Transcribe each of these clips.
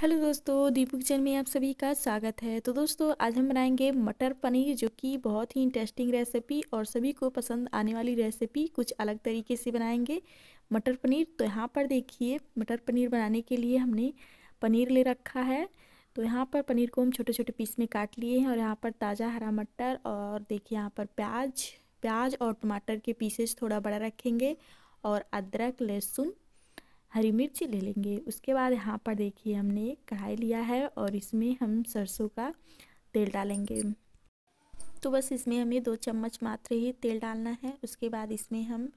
hello दोस्तों दीपक जैन में आप सभी का स्वागत है तो दोस्तों आज हम बनाएंगे मटर पनीर जो कि बहुत ही इंटरेस्टिंग रेसिपी और सभी को पसंद आने वाली रेसिपी कुछ अलग तरीके से बनाएंगे मटर पनीर तो यहाँ पर देखिए मटर पनीर बनाने के लिए हमने पनीर ले रखा है तो यहाँ पर पनीर को हम छोटे छोटे पीस में काट लिए हैं और यहाँ पर ताज़ा हरा मटर और देखिए यहाँ पर प्याज प्याज और टमाटर के पीसेस थोड़ा बड़ा रखेंगे और अदरक लहसुन हरी मिर्ची ले लेंगे उसके बाद यहाँ पर देखिए हमने एक कढ़ाई लिया है और इसमें हम सरसों का तेल डालेंगे तो बस इसमें हमें दो चम्मच मात्र ही तेल डालना है उसके बाद इसमें हम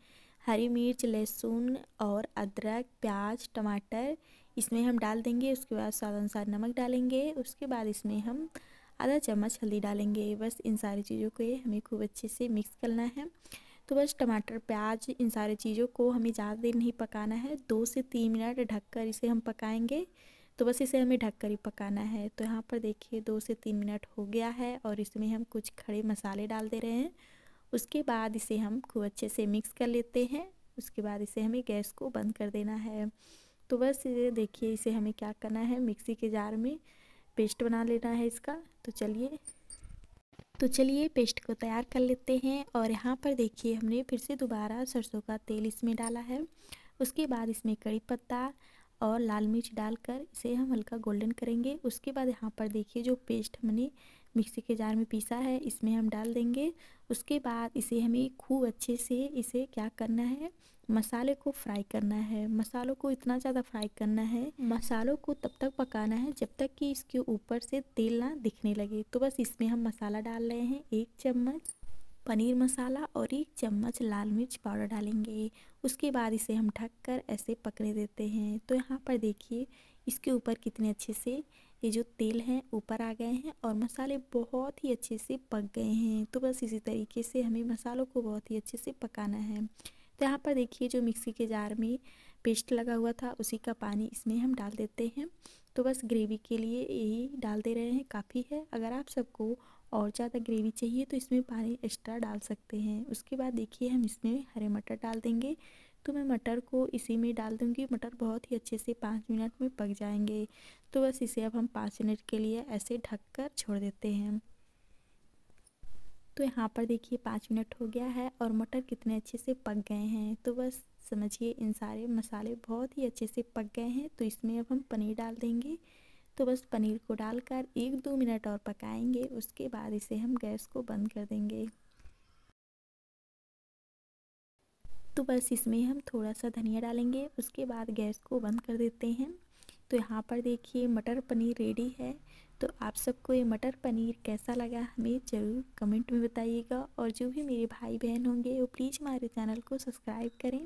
हरी मिर्च लहसुन और अदरक प्याज टमाटर इसमें हम डाल देंगे उसके बाद स्वाद अनुसार नमक डालेंगे उसके बाद इसमें हम आधा चम्मच हल्दी डालेंगे बस इन सारी चीज़ों को हमें खूब अच्छे से मिक्स करना है तो बस टमाटर प्याज इन सारी चीज़ों को हमें ज़्यादा देर नहीं पकाना है दो से तीन मिनट ढककर इसे हम पकाएंगे तो बस इसे हमें ढककर ही पकाना है तो यहाँ पर देखिए दो से तीन मिनट हो गया है और इसमें हम कुछ खड़े मसाले डाल दे रहे हैं उसके बाद इसे हम खूब अच्छे से मिक्स कर लेते हैं उसके बाद इसे हमें गैस को बंद कर देना है तो बस ये देखिए इसे हमें क्या करना है मिक्सी के जार में पेस्ट बना लेना है इसका तो चलिए तो चलिए पेस्ट को तैयार कर लेते हैं और यहाँ पर देखिए हमने फिर से दोबारा सरसों का तेल इसमें डाला है उसके बाद इसमें कड़ी पत्ता और लाल मिर्च डालकर इसे हम हल्का गोल्डन करेंगे उसके बाद यहाँ पर देखिए जो पेस्ट हमने मिक्सी के जार में पीसा है इसमें हम डाल देंगे उसके बाद इसे हमें खूब अच्छे से इसे क्या करना है मसाले को फ्राई करना है मसालों को इतना ज़्यादा फ्राई करना है मसालों को तब तक पकाना है जब तक कि इसके ऊपर से तेल ना दिखने लगे तो बस इसमें हम मसाला डाल रहे हैं एक चम्मच पनीर मसाला और एक चम्मच लाल मिर्च पाउडर डालेंगे उसके बाद इसे हम ढक कर ऐसे पकने देते हैं तो यहाँ पर देखिए इसके ऊपर कितने अच्छे से ये जो तेल हैं ऊपर आ गए हैं और मसाले बहुत ही अच्छे से पक गए हैं तो बस इसी तरीके से हमें मसालों को बहुत ही अच्छे से पकाना है तो यहाँ पर देखिए जो मिक्सी के जार में पेस्ट लगा हुआ था उसी का पानी इसमें हम डाल देते हैं तो बस ग्रेवी के लिए यही डाल दे रहे हैं काफ़ी है अगर आप सबको और ज़्यादा ग्रेवी चाहिए तो इसमें पानी एक्स्ट्रा डाल सकते हैं उसके बाद देखिए हम इसमें हरे मटर डाल देंगे तो मैं मटर को इसी में डाल दूँगी मटर बहुत ही अच्छे से पाँच मिनट में पक जाएंगे तो बस इसे अब हम पाँच मिनट के लिए ऐसे ढक कर छोड़ देते हैं तो यहाँ पर देखिए पाँच मिनट हो गया है और मटर कितने अच्छे से पक गए हैं तो बस समझिए इन सारे मसाले बहुत ही अच्छे से पक गए हैं तो इसमें अब हम पनीर डाल देंगे तो बस पनीर को डालकर एक दो मिनट और पकाएंगे उसके बाद इसे हम गैस को बंद कर देंगे तो बस इसमें हम थोड़ा सा धनिया डालेंगे उसके बाद गैस को बंद कर देते हैं तो यहाँ पर देखिए मटर पनीर रेडी है तो आप सबको ये मटर पनीर कैसा लगा हमें ज़रूर कमेंट में बताइएगा और जो भी मेरे भाई बहन होंगे वो प्लीज़ हमारे चैनल को सब्सक्राइब करें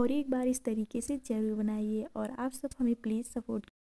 और एक बार इस तरीके से ज़रूर बनाइए और आप सब हमें प्लीज़ सपोर्ट